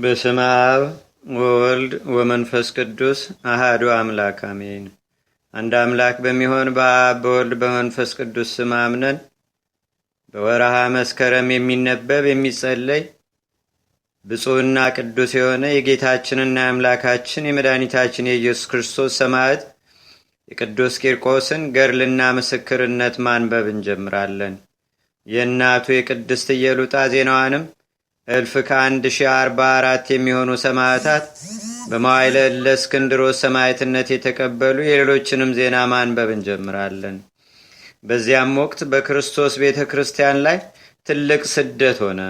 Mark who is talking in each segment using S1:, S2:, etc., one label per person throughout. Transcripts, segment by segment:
S1: በስመ አብ ወወልድ ወመንፈስ ቅዱስ አህዱ አምላክ አሜን። አንድ አምላክ በሚሆን በአብ በወልድ በመንፈስ ቅዱስ ስም አምነን በወረሃ መስከረም የሚነበብ የሚጸለይ ብፁዕና ቅዱስ የሆነ የጌታችንና የአምላካችን የመድኃኒታችን የኢየሱስ ክርስቶስ ሰማዕት የቅዱስ ቂርቆስን ገድልና ምስክርነት ማንበብ እንጀምራለን። የእናቱ የቅድስት ኢየሉጣ ዜናዋንም እልፍ ከአንድ 1 አርባ አራት የሚሆኑ ሰማዕታት በመዋዕለ እለ ሰማዕትነት የተቀበሉ የሌሎችንም ዜና ማንበብ እንጀምራለን። በዚያም ወቅት በክርስቶስ ቤተ ክርስቲያን ላይ ትልቅ ስደት ሆነ።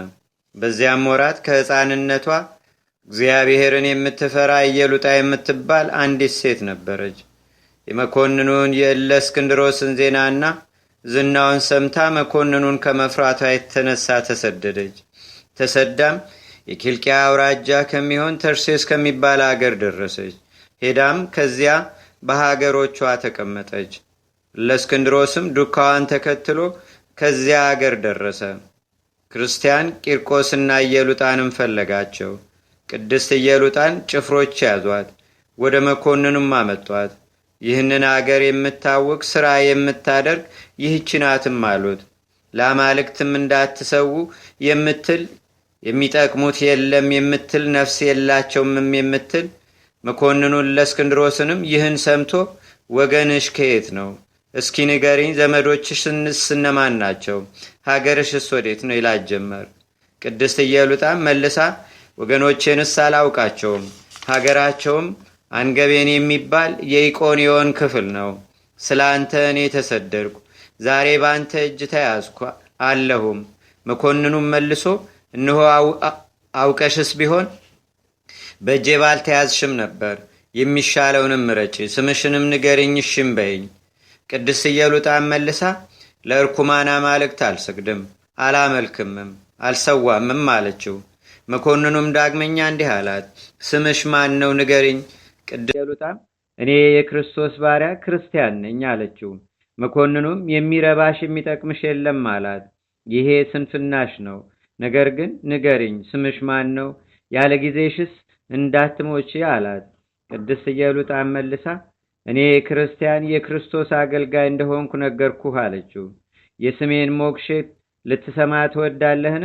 S1: በዚያም ወራት ከሕፃንነቷ እግዚአብሔርን የምትፈራ እየሉጣ የምትባል አንዲት ሴት ነበረች። የመኮንኑን የእለ እስክንድሮስን ዜናና ዝናውን ሰምታ መኮንኑን ከመፍራቷ የተነሳ ተሰደደች። ተሰዳም የኪልቅያ አውራጃ ከሚሆን ተርሴስ ከሚባል አገር ደረሰች። ሄዳም ከዚያ በሀገሮቿ ተቀመጠች። ለእስክንድሮስም ዱካዋን ተከትሎ ከዚያ አገር ደረሰ። ክርስቲያን ቂርቆስና ኢየሉጣንም ፈለጋቸው። ቅድስት ኢየሉጣን ጭፍሮች ያዟት፣ ወደ መኮንንም አመጧት። ይህንን አገር የምታውቅ ሥራ የምታደርግ ይህችናትም አሉት። ለአማልክትም እንዳትሰዉ የምትል የሚጠቅሙት የለም የምትል ነፍስ የላቸውምም የምትል መኮንኑን ለእስክንድሮስንም ይህን ሰምቶ ወገንሽ ከየት ነው? እስኪ ንገሪኝ፣ ዘመዶችሽ እነማን ናቸው? ሀገርሽስ ወዴት ነው? ይላት ጀመር። ቅድስት እየሉጣም መልሳ ወገኖቼንስ አላውቃቸውም፣ ሀገራቸውም አንገቤን የሚባል የኢቆንዮን ክፍል ነው። ስለ አንተ እኔ ተሰደድኩ፣ ዛሬ በአንተ እጅ ተያዝኩ አለሁም። መኮንኑም መልሶ እንሆ አውቀሽስ ቢሆን በእጄ ባልተያዝሽም ነበር። የሚሻለውንም ምረጪ፣ ስምሽንም ንገርኝ እሺም በይኝ። ቅድስ ኢየሉጣን መልሳ ለእርኩማና ማልክት አልሰግድም፣ አላመልክምም፣ አልሰዋምም አለችው። መኮንኑም ዳግመኛ እንዲህ አላት፣ ስምሽ ማን ነው? ንገርኝ ቅድስ ኢየሉጣም እኔ የክርስቶስ ባሪያ ክርስቲያን ነኝ አለችው። መኮንኑም የሚረባሽ የሚጠቅምሽ የለም አላት። ይሄ ስንፍናሽ ነው ነገር ግን ንገሪኝ ስምሽ ማን ነው? ያለ ጊዜሽስ እንዳትሞች አላት። ቅድስት ኢየሉጣን መልሳ እኔ ክርስቲያን የክርስቶስ አገልጋይ እንደሆንኩ ነገርኩህ አለችው። የስሜን ሞክሼ ልትሰማ ትወዳለህን?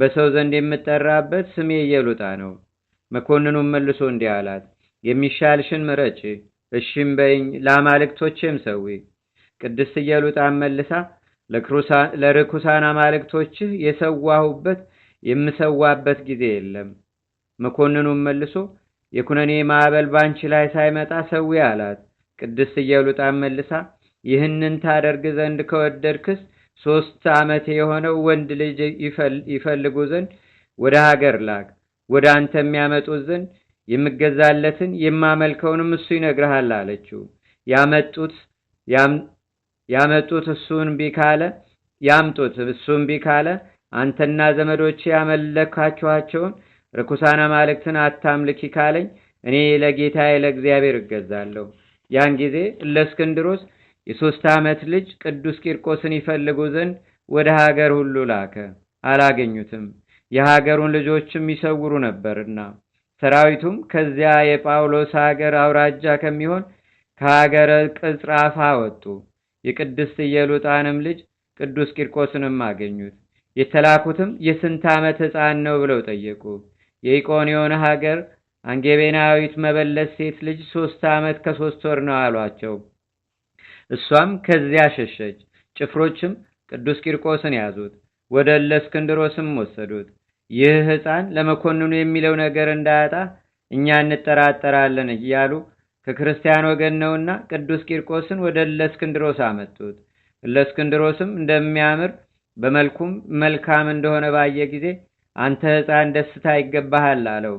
S1: በሰው ዘንድ የምጠራበት ስሜ ኢየሉጣ ነው። መኮንኑም መልሶ እንዲህ አላት፣ የሚሻልሽን ምረጭ፣ እሺም በይኝ፣ ለአማልክቶቼም ሰዊ። ቅድስት ኢየሉጣን መልሳ ለርኩሳን አማልክቶችህ የሰዋሁበት የምሰዋበት ጊዜ የለም። መኮንኑም መልሶ የኩነኔ ማዕበል ባንቺ ላይ ሳይመጣ ሰዊ አላት። ቅድስት እየሉጣን መልሳ ይህንን ታደርግ ዘንድ ከወደድክስ ሶስት ዓመቴ የሆነው ወንድ ልጅ ይፈልጉ ዘንድ ወደ ሀገር ላክ፣ ወደ አንተ የሚያመጡት ዘንድ የምገዛለትን የማመልከውንም እሱ ይነግርሃል አለችው። ያመጡት እሱን ቢካለ ያምጡት እሱን ቢካለ አንተና ዘመዶች ያመለካችኋቸውን ርኩሳን አማልክትን አታምልኪ ካለኝ እኔ ለጌታዬ ለእግዚአብሔር እገዛለሁ። ያን ጊዜ እለእስክንድሮስ የሶስት ዓመት ልጅ ቅዱስ ቂርቆስን ይፈልጉ ዘንድ ወደ ሀገር ሁሉ ላከ። አላገኙትም። የሀገሩን ልጆችም ይሰውሩ ነበርና ሰራዊቱም ከዚያ የጳውሎስ ሀገር አውራጃ ከሚሆን ከሀገረ ቅጽራፋ ወጡ። የቅድስት ኢየሉጣንም ልጅ ቅዱስ ቂርቆስንም አገኙት። የተላኩትም የስንት ዓመት ሕፃን ነው ብለው ጠየቁ። የኢቆንዮን ሀገር አንጌቤናዊት መበለት ሴት ልጅ ሦስት ዓመት ከሦስት ወር ነው አሏቸው። እሷም ከዚያ ሸሸች። ጭፍሮችም ቅዱስ ቂርቆስን ያዙት፣ ወደ እለእስክንድሮስም ወሰዱት። ይህ ሕፃን ለመኮንኑ የሚለው ነገር እንዳያጣ እኛ እንጠራጠራለን እያሉ ከክርስቲያን ወገን ነውና ቅዱስ ቂርቆስን ወደ እለእስክንድሮስ አመጡት። እለእስክንድሮስም እንደሚያምር በመልኩም መልካም እንደሆነ ባየ ጊዜ አንተ ሕፃን ደስታ ይገባሃል አለው።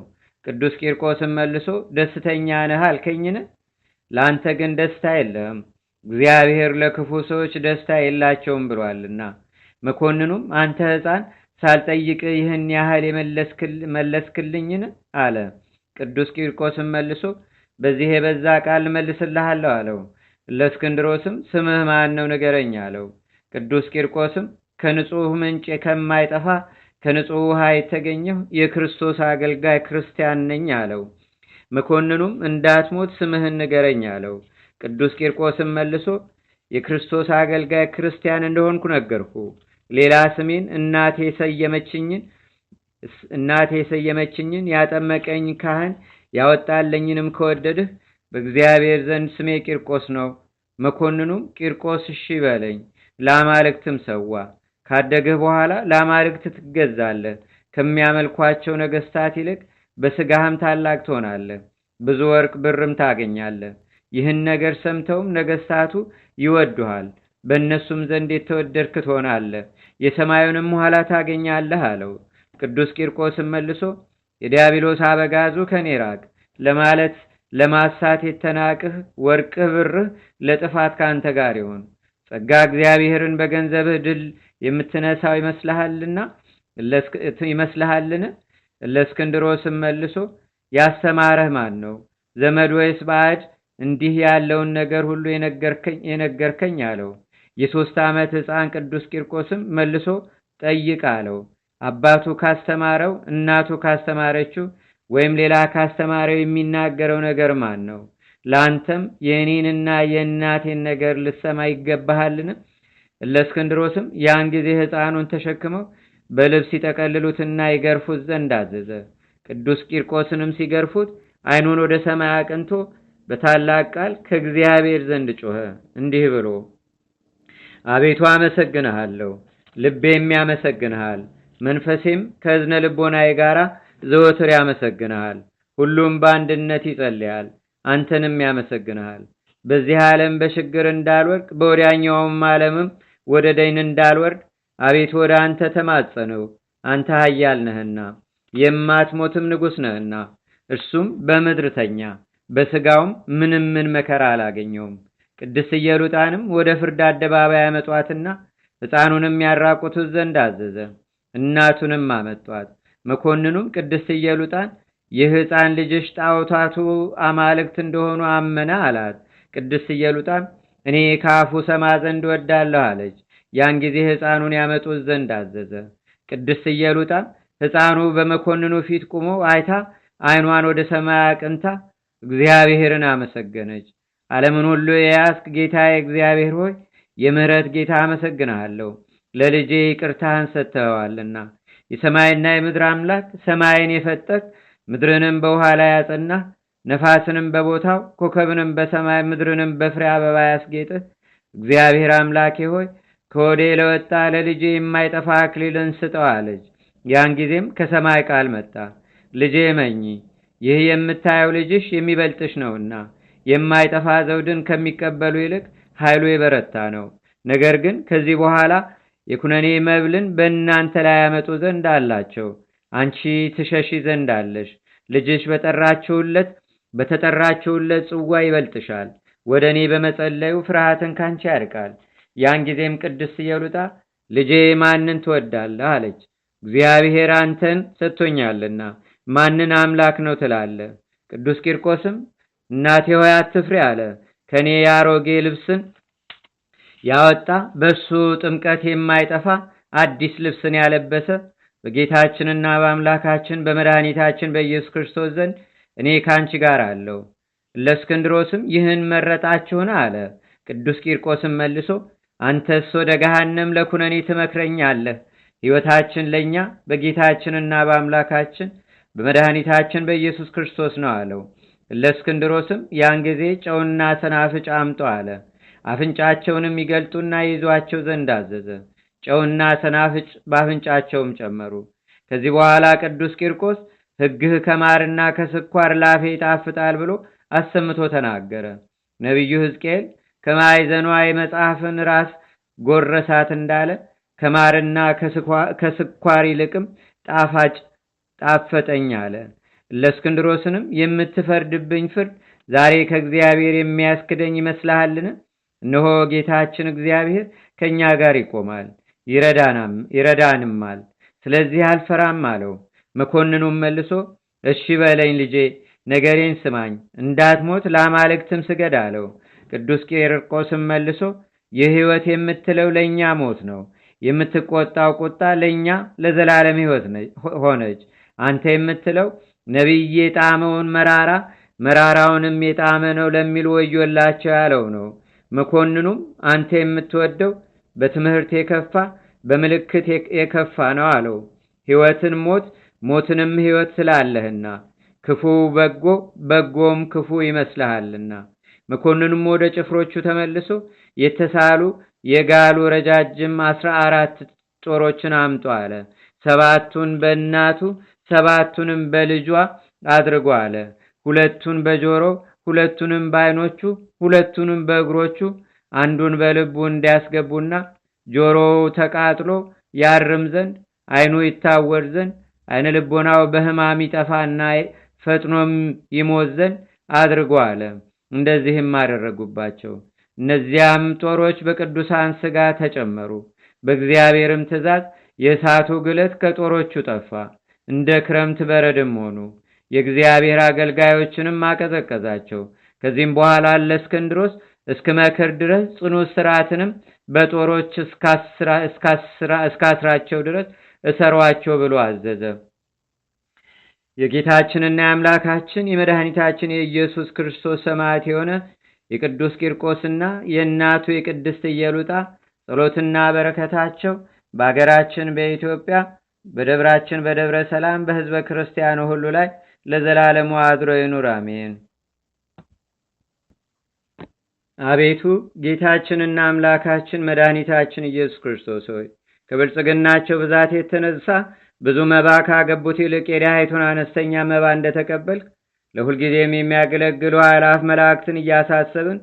S1: ቅዱስ ቂርቆስም መልሶ ደስተኛ ነህ አልከኝን? ለአንተ ግን ደስታ የለም፣ እግዚአብሔር ለክፉ ሰዎች ደስታ የላቸውም ብሏልና። መኮንኑም አንተ ሕፃን ሳልጠይቅ ይህን ያህል የመለስክልኝን? አለ። ቅዱስ ቂርቆስም መልሶ በዚህ የበዛ ቃል መልስልሃለሁ አለው። ለእስክንድሮስም ስምህ ማን ነው ንገረኝ አለው። ቅዱስ ቂርቆስም ከንጹሕ ምንጭ ከማይጠፋ ከንጹሕ ውሃ የተገኘሁ የክርስቶስ አገልጋይ ክርስቲያን ነኝ አለው። መኮንኑም እንዳትሞት ስምህን ንገረኝ አለው። ቅዱስ ቂርቆስም መልሶ የክርስቶስ አገልጋይ ክርስቲያን እንደሆንኩ ነገርኩ። ሌላ ስሜን እናቴ የሰየመችኝን እናቴ የሰየመችኝን ያጠመቀኝ ካህን ያወጣልኝንም ከወደድህ በእግዚአብሔር ዘንድ ስሜ ቂርቆስ ነው። መኮንኑም ቂርቆስ እሺ በለኝ፣ ለአማልክትም ሰዋ። ካደግህ በኋላ ለአማልክት ትገዛለህ፣ ከሚያመልኳቸው ነገስታት ይልቅ በስጋህም ታላቅ ትሆናለህ፣ ብዙ ወርቅ ብርም ታገኛለህ። ይህን ነገር ሰምተውም ነገስታቱ ይወዱሃል፣ በእነሱም ዘንድ የተወደድክ ትሆናለህ፣ የሰማዩንም ኋላ ታገኛለህ አለው። ቅዱስ ቂርቆስም መልሶ የዲያብሎስ አበጋዙ ከኔ ራቅ ለማለት ለማሳት የተናቅህ ወርቅህ ብርህ ለጥፋት ካንተ ጋር ይሆን። ጸጋ እግዚአብሔርን በገንዘብህ ድል የምትነሳው ይመስልሃልና ይመስልሃልን? እለእስክንድሮስም መልሶ ያስተማረህ ማን ነው? ዘመድ ወይስ ባዕድ? እንዲህ ያለውን ነገር ሁሉ የነገርከኝ አለው። የሦስት ዓመት ሕፃን ቅዱስ ቂርቆስም መልሶ ጠይቅ አለው። አባቱ ካስተማረው፣ እናቱ ካስተማረችው ወይም ሌላ ካስተማረው የሚናገረው ነገር ማን ነው? ለአንተም የእኔንና የእናቴን ነገር ልሰማ ይገባሃልን? እለእስክንድሮስም ያን ጊዜ ሕፃኑን ተሸክመው በልብስ ይጠቀልሉትና ይገርፉት ዘንድ አዘዘ። ቅዱስ ቂርቆስንም ሲገርፉት ዓይኑን ወደ ሰማይ አቅንቶ በታላቅ ቃል ከእግዚአብሔር ዘንድ ጮኸ እንዲህ ብሎ አቤቱ አመሰግንሃለሁ፣ ልቤ የሚያመሰግንሃል። መንፈሴም ከእዝነ ልቦናዬ ጋር ዘወትር ያመሰግንሃል። ሁሉም በአንድነት ይጸልያል፣ አንተንም ያመሰግንሃል። በዚህ ዓለም በችግር እንዳልወድቅ በወዲያኛውም ዓለምም ወደ ደይን እንዳልወርድ አቤት ወደ አንተ ተማጸነው። አንተ ኃያል ነህና የማትሞትም ንጉሥ ነህና፣ እርሱም በምድርተኛ በስጋውም በሥጋውም ምንም ምን መከራ አላገኘውም። ቅድስት ኢየሉጣንም ወደ ፍርድ አደባባይ ያመጧትና ሕፃኑንም ያራቁት ዘንድ አዘዘ። እናቱንም አመጧት። መኮንኑም ቅድስት ኢየሉጣን የህፃን ልጅሽ ጣዖታቱ አማልክት እንደሆኑ አመነ አላት። ቅድስት ኢየሉጣም እኔ ከአፉ ሰማ ዘንድ ወዳለሁ አለች። ያን ጊዜ ሕፃኑን ያመጡት ዘንድ አዘዘ። ቅድስት ኢየሉጣም ሕፃኑ በመኮንኑ ፊት ቁሞ አይታ ዓይኗን ወደ ሰማይ አቅንታ እግዚአብሔርን አመሰገነች። ዓለምን ሁሉ የያስክ ጌታዬ እግዚአብሔር ሆይ የምሕረት ጌታ አመሰግንሃለሁ ለልጄ ይቅርታህን ሰጥተኸዋልና የሰማይና የምድር አምላክ ሰማይን የፈጠቅ ምድርንም በውሃ ላይ ያጸና ነፋስንም በቦታው ኮከብንም በሰማይ ምድርንም በፍሬ አበባ ያስጌጥ እግዚአብሔር አምላኬ ሆይ ከወዴ ለወጣ ለልጄ የማይጠፋ አክሊልን ስጠዋለች ያን ጊዜም ከሰማይ ቃል መጣ፣ ልጄ መኝ ይህ የምታየው ልጅሽ የሚበልጥሽ ነውና የማይጠፋ ዘውድን ከሚቀበሉ ይልቅ ኃይሉ የበረታ ነው። ነገር ግን ከዚህ በኋላ የኩነኔ መብልን በእናንተ ላይ ያመጡ ዘንድ አላቸው። አንቺ ትሸሺ ዘንድ አለሽ። ልጅሽ በጠራችሁለት በተጠራችሁለት ጽዋ ይበልጥሻል። ወደ እኔ በመጸለዩ ፍርሃትን ካንቺ ያርቃል። ያን ጊዜም ቅድስት ኢየሉጣ ልጄ ማንን ትወዳለህ አለች። እግዚአብሔር አንተን ሰጥቶኛልና ማንን አምላክ ነው ትላለ። ቅዱስ ቂርቆስም እናቴ ሆይ አትፍሬ አለ። ከእኔ የአሮጌ ልብስን ያወጣ በእሱ ጥምቀት የማይጠፋ አዲስ ልብስን ያለበሰ በጌታችንና በአምላካችን በመድኃኒታችን በኢየሱስ ክርስቶስ ዘንድ እኔ ካንቺ ጋር አለው። ለእስክንድሮስም ይህን መረጣችሁን አለ። ቅዱስ ቂርቆስም መልሶ አንተስ ወደ ገሃነም ለኩነኔ ትመክረኛለህ፣ ሕይወታችን ለእኛ በጌታችንና በአምላካችን በመድኃኒታችን በኢየሱስ ክርስቶስ ነው አለው። ለእስክንድሮስም ያን ጊዜ ጨውና ሰናፍጭ አምጦ አለ። አፍንጫቸውንም ይገልጡና ይይዟቸው ዘንድ አዘዘ። ጨውና ሰናፍጭ በአፍንጫቸውም ጨመሩ። ከዚህ በኋላ ቅዱስ ቂርቆስ ሕግህ ከማርና ከስኳር ላፌ ይጣፍጣል ብሎ አሰምቶ ተናገረ። ነቢዩ ሕዝቅኤል ከማዕዘኗ የመጽሐፍን ራስ ጎረሳት እንዳለ ከማርና ከስኳር ይልቅም ጣፋጭ ጣፈጠኝ አለ። ለእስክንድሮስንም የምትፈርድብኝ ፍርድ ዛሬ ከእግዚአብሔር የሚያስክደኝ ይመስልሃልን? እነሆ ጌታችን እግዚአብሔር ከእኛ ጋር ይቆማል ይረዳንማል፣ ስለዚህ አልፈራም አለው። መኮንኑም መልሶ እሺ በለኝ ልጄ፣ ነገሬን ስማኝ፣ እንዳትሞት ለአማልክትም ስገድ አለው። ቅዱስ ቄርቆስም መልሶ የህይወት የምትለው ለእኛ ሞት ነው፣ የምትቆጣው ቁጣ ለእኛ ለዘላለም ህይወት ሆነች። አንተ የምትለው ነቢይ የጣመውን መራራ መራራውንም የጣመ ነው ለሚል ወዮላቸው ያለው ነው። መኮንኑም አንተ የምትወደው በትምህርት የከፋ በምልክት የከፋ ነው አለው። ሕይወትን ሞት ሞትንም ሕይወት ስላለህና ክፉ በጎ በጎም ክፉ ይመስልሃልና። መኮንኑም ወደ ጭፍሮቹ ተመልሶ የተሳሉ የጋሉ ረጃጅም አስራ አራት ጦሮችን አምጡ አለ። ሰባቱን በእናቱ ሰባቱንም በልጇ አድርጎ አለ። ሁለቱን በጆሮ ሁለቱንም በዓይኖቹ ሁለቱንም በእግሮቹ አንዱን በልቡ እንዲያስገቡና ጆሮው ተቃጥሎ ያርም ዘንድ ዓይኑ ይታወር ዘንድ ዓይነ ልቦናው በህማም ይጠፋና ፈጥኖም ይሞት ዘንድ አድርጎ አለ። እንደዚህም አደረጉባቸው። እነዚያም ጦሮች በቅዱሳን ሥጋ ተጨመሩ። በእግዚአብሔርም ትእዛዝ የእሳቱ ግለት ከጦሮቹ ጠፋ። እንደ ክረምት በረድም ሆኑ። የእግዚአብሔር አገልጋዮችንም አቀዘቀዛቸው። ከዚህም በኋላ ለእስክንድሮስ መክር ድረስ ጽኑ ስርዓትንም በጦሮች እስካስራቸው ድረስ እሰሯቸው ብሎ አዘዘ። የጌታችንና የአምላካችን የመድኃኒታችን የኢየሱስ ክርስቶስ ሰማዕት የሆነ የቅዱስ ቂርቆስና የእናቱ የቅድስት እየሉጣ ጸሎትና በረከታቸው በአገራችን በኢትዮጵያ በደብራችን በደብረ ሰላም በሕዝበ ክርስቲያኑ ሁሉ ላይ ለዘላለሙ አድሮ ይኑር፣ አሜን። አቤቱ ጌታችንና አምላካችን መድኃኒታችን ኢየሱስ ክርስቶስ ሆይ ከብልጽግናቸው ብዛት የተነሳ ብዙ መባ ካገቡት ይልቅ የድሃይቱን አነስተኛ መባ እንደተቀበልክ ለሁልጊዜም የሚያገለግሉ አእላፍ መላእክትን እያሳሰብን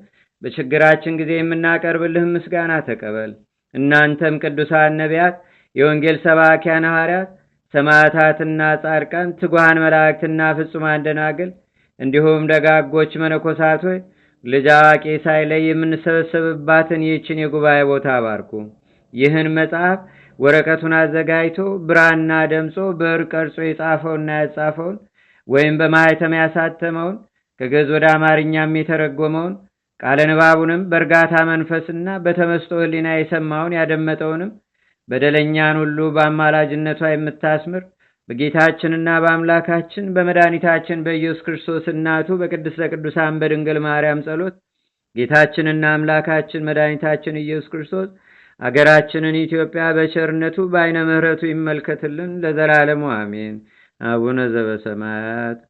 S1: በችግራችን ጊዜ የምናቀርብልህም ምስጋና ተቀበል። እናንተም ቅዱሳን ነቢያት፣ የወንጌል ሰባኪያን ሐዋርያት ሰማዕታትና ጻድቃን፣ ትጉሃን መላእክትና ፍጹማን ደናግል እንዲሁም ደጋጎች መነኮሳት ሆይ ልጅ አዋቂ ሳይለይ የምንሰበሰብባትን ይህችን የጉባኤ ቦታ ባርኩ። ይህን መጽሐፍ ወረቀቱን አዘጋጅቶ ብራና ደምጾ ብዕር ቀርጾ የጻፈውና ያጻፈውን ወይም በማኅተም ያሳተመውን ከግዕዝ ወደ አማርኛም የተረጎመውን ቃለ ንባቡንም በእርጋታ መንፈስና በተመስጦ ሕሊና የሰማውን ያደመጠውንም በደለኛን ሁሉ በአማላጅነቷ የምታስምር በጌታችንና በአምላካችን በመድኃኒታችን በኢየሱስ ክርስቶስ እናቱ በቅድስተ ቅዱሳን በድንግል ማርያም ጸሎት ጌታችንና አምላካችን መድኃኒታችን ኢየሱስ ክርስቶስ አገራችንን ኢትዮጵያ በቸርነቱ በአይነ ምሕረቱ ይመልከትልን ለዘላለሙ አሜን። አቡነ ዘበሰማያት